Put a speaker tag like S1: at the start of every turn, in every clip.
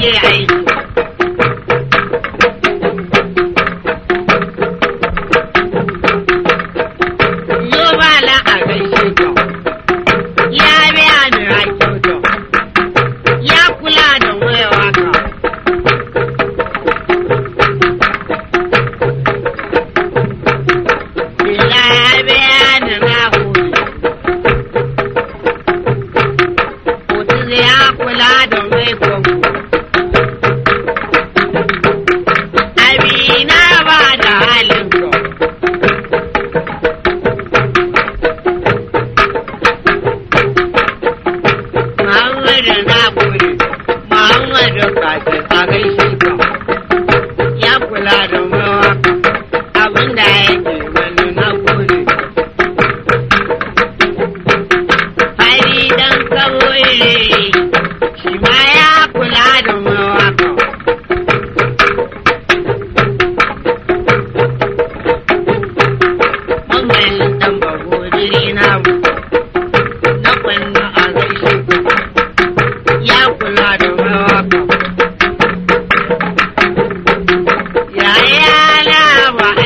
S1: Thank you.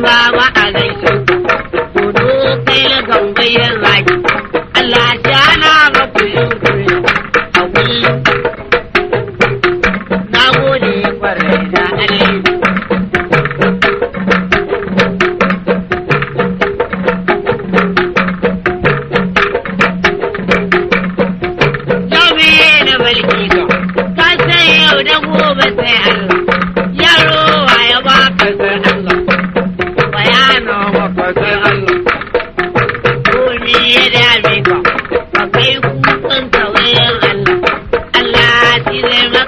S1: baba wa a gaisu kudu kai la gambayar raki Allah ya na ga kuyin kuyin a wuri na gode kwarai da alai Yau na balki ta sai